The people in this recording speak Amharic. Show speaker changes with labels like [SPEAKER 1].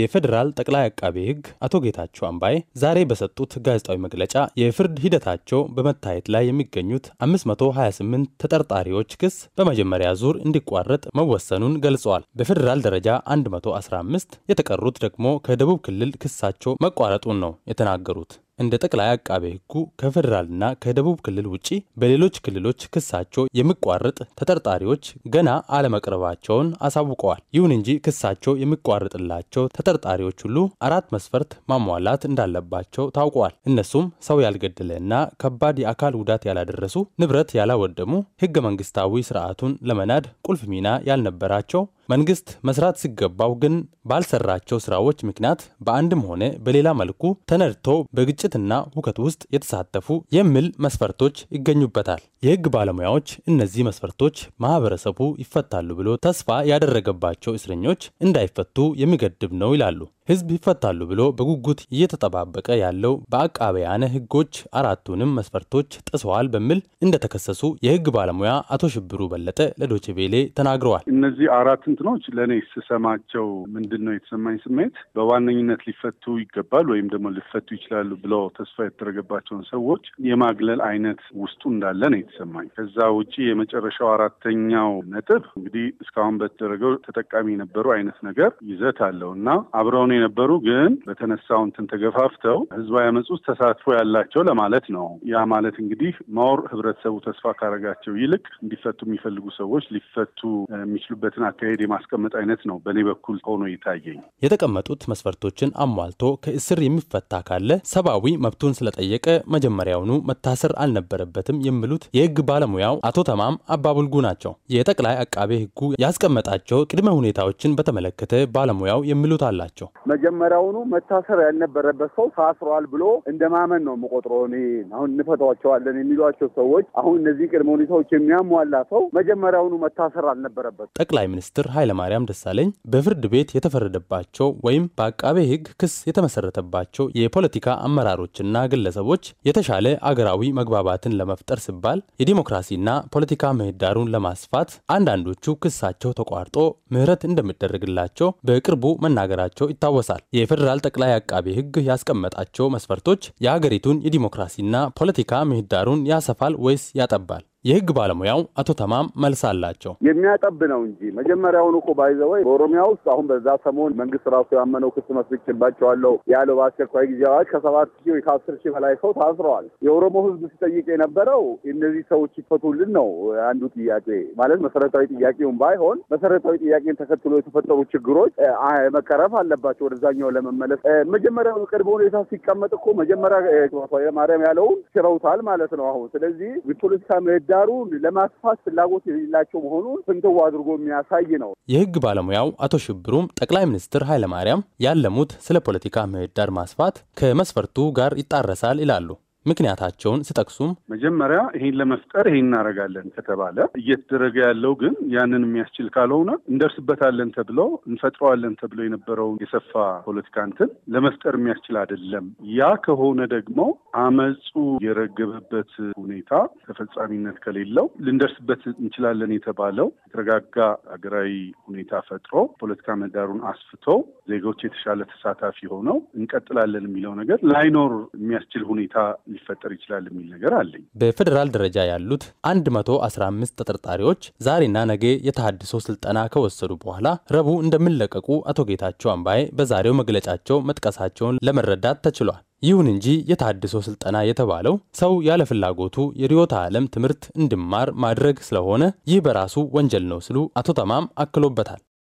[SPEAKER 1] የፌዴራል ጠቅላይ አቃቤ ሕግ አቶ ጌታቸው አምባዬ ዛሬ በሰጡት ጋዜጣዊ መግለጫ የፍርድ ሂደታቸው በመታየት ላይ የሚገኙት 528 ተጠርጣሪዎች ክስ በመጀመሪያ ዙር እንዲቋረጥ መወሰኑን ገልጸዋል። በፌዴራል ደረጃ 115 የተቀሩት ደግሞ ከደቡብ ክልል ክሳቸው መቋረጡን ነው የተናገሩት። እንደ ጠቅላይ አቃቤ ሕጉ ከፌዴራልና ከደቡብ ክልል ውጪ በሌሎች ክልሎች ክሳቸው የሚቋረጥ ተጠርጣሪዎች ገና አለመቅረባቸውን አሳውቀዋል። ይሁን እንጂ ክሳቸው የሚቋረጥላቸው ተጠርጣሪዎች ሁሉ አራት መስፈርት ማሟላት እንዳለባቸው ታውቀዋል። እነሱም ሰው ያልገደለና ከባድ የአካል ጉዳት ያላደረሱ፣ ንብረት ያላወደሙ፣ ሕገ መንግስታዊ ስርዓቱን ለመናድ ቁልፍ ሚና ያልነበራቸው መንግስት መስራት ሲገባው ግን ባልሰራቸው ስራዎች ምክንያት በአንድም ሆነ በሌላ መልኩ ተነድቶ በግጭትና ሁከት ውስጥ የተሳተፉ የሚል መስፈርቶች ይገኙበታል። የህግ ባለሙያዎች እነዚህ መስፈርቶች ማህበረሰቡ ይፈታሉ ብሎ ተስፋ ያደረገባቸው እስረኞች እንዳይፈቱ የሚገድብ ነው ይላሉ። ህዝብ ይፈታሉ ብሎ በጉጉት እየተጠባበቀ ያለው በአቃቢያነ ህጎች አራቱንም መስፈርቶች ጥሰዋል በሚል እንደተከሰሱ የህግ ባለሙያ አቶ ሽብሩ በለጠ ለዶችቬሌ ተናግረዋል።
[SPEAKER 2] እነዚህ አራትን እንትኖች ለእኔ ስሰማቸው ምንድን ነው የተሰማኝ ስሜት በዋነኝነት ሊፈቱ ይገባል ወይም ደግሞ ሊፈቱ ይችላሉ ብለው ተስፋ የተደረገባቸውን ሰዎች የማግለል አይነት ውስጡ እንዳለ ነው የተሰማኝ። ከዛ ውጭ የመጨረሻው አራተኛው ነጥብ እንግዲህ እስካሁን በተደረገው ተጠቃሚ የነበሩ አይነት ነገር ይዘት አለው እና አብረውን የነበሩ ግን በተነሳው እንትን ተገፋፍተው ህዝባዊ አመፅ ውስጥ ተሳትፎ ያላቸው ለማለት ነው። ያ ማለት እንግዲህ ማወር ህብረተሰቡ ተስፋ ካረጋቸው ይልቅ እንዲፈቱ የሚፈልጉ ሰዎች ሊፈቱ የሚችሉበትን አካሄድ የማስቀመጥ አይነት ነው በእኔ በኩል ሆኖ የታየኝ።
[SPEAKER 1] የተቀመጡት መስፈርቶችን አሟልቶ ከእስር የሚፈታ ካለ ሰብአዊ መብቱን ስለጠየቀ መጀመሪያውኑ መታሰር አልነበረበትም የሚሉት የህግ ባለሙያው አቶ ተማም አባቡልጉ ናቸው። የጠቅላይ አቃቤ ህጉ ያስቀመጣቸው ቅድመ ሁኔታዎችን በተመለከተ ባለሙያው የሚሉት አላቸው።
[SPEAKER 3] መጀመሪያውኑ መታሰር ያልነበረበት ሰው ታስሯል ብሎ እንደማመን ነው የምቆጥረው እኔ አሁን እንፈታቸዋለን የሚሏቸው ሰዎች አሁን እነዚህ ቅድመ ሁኔታዎች የሚያሟላ ሰው መጀመሪያውኑ መታሰር አልነበረበት
[SPEAKER 1] ጠቅላይ ሚኒስትር ኃይለማርያም ደሳለኝ በፍርድ ቤት የተፈረደባቸው ወይም በአቃቤ ሕግ ክስ የተመሰረተባቸው የፖለቲካ አመራሮችና ግለሰቦች የተሻለ አገራዊ መግባባትን ለመፍጠር ሲባል የዲሞክራሲና ፖለቲካ ምህዳሩን ለማስፋት አንዳንዶቹ ክሳቸው ተቋርጦ ምህረት እንደሚደረግላቸው በቅርቡ መናገራቸው ይታወሳል። የፌዴራል ጠቅላይ አቃቤ ሕግ ያስቀመጣቸው መስፈርቶች የሀገሪቱን የዲሞክራሲና ፖለቲካ ምህዳሩን ያሰፋል ወይስ ያጠባል? የህግ ባለሙያው አቶ ተማም መልስ አላቸው።
[SPEAKER 3] የሚያጠብ ነው እንጂ መጀመሪያውን እኮ ባይዘወይ በኦሮሚያ ውስጥ አሁን በዛ ሰሞን መንግስት ራሱ ያመነው ክስ መስርቼባቸዋለሁ ያለው በአስቸኳይ ጊዜ አዋጅ ከሰባት ሺ ከአስር ሺህ በላይ ሰው ታስረዋል። የኦሮሞ ህዝብ ሲጠይቅ የነበረው እነዚህ ሰዎች ይፈቱልን ነው አንዱ ጥያቄ ማለት መሰረታዊ ጥያቄውን ባይሆን መሰረታዊ ጥያቄን ተከትሎ የተፈጠሩ ችግሮች መቀረፍ አለባቸው። ወደዛኛው ለመመለስ መጀመሪያ ቅድመ ሁኔታ ሲቀመጥ እኮ መጀመሪያ ማርያም ያለውን ችረውታል ማለት ነው። አሁን ስለዚህ ፖለቲካ ምህዳ ምህዳሩን ለማስፋት ፍላጎት የሌላቸው መሆኑን ፍንትው አድርጎ የሚያሳይ ነው።
[SPEAKER 1] የህግ ባለሙያው አቶ ሽብሩም ጠቅላይ ሚኒስትር ኃይለማርያም ያለሙት ስለ ፖለቲካ ምህዳር ማስፋት ከመስፈርቱ ጋር ይጣረሳል ይላሉ። ምክንያታቸውን ስጠቅሱም
[SPEAKER 2] መጀመሪያ ይሄን ለመፍጠር ይሄን እናደርጋለን ከተባለ እየተደረገ ያለው ግን ያንን የሚያስችል ካልሆነ እንደርስበታለን ተብሎ እንፈጥረዋለን ተብሎ የነበረውን የሰፋ ፖለቲካ እንትን ለመፍጠር የሚያስችል አይደለም። ያ ከሆነ ደግሞ አመፁ የረገበበት ሁኔታ ተፈጻሚነት ከሌለው ልንደርስበት እንችላለን የተባለው የተረጋጋ ሀገራዊ ሁኔታ ፈጥሮ ፖለቲካ ምህዳሩን አስፍቶ ዜጎች የተሻለ ተሳታፊ ሆነው እንቀጥላለን የሚለው ነገር ላይኖር የሚያስችል ሁኔታ ሊፈጠር ይችላል የሚል ነገር አለኝ።
[SPEAKER 1] በፌዴራል ደረጃ ያሉት 115 ተጠርጣሪዎች ዛሬና ነገ የተሃድሶ ስልጠና ከወሰዱ በኋላ ረቡዕ እንደሚለቀቁ አቶ ጌታቸው አምባዬ በዛሬው መግለጫቸው መጥቀሳቸውን ለመረዳት ተችሏል። ይሁን እንጂ የተሃድሶ ስልጠና የተባለው ሰው ያለ ፍላጎቱ የርዕዮተ ዓለም ትምህርት እንዲማር ማድረግ ስለሆነ ይህ በራሱ ወንጀል ነው ሲሉ አቶ ተማም አክሎበታል።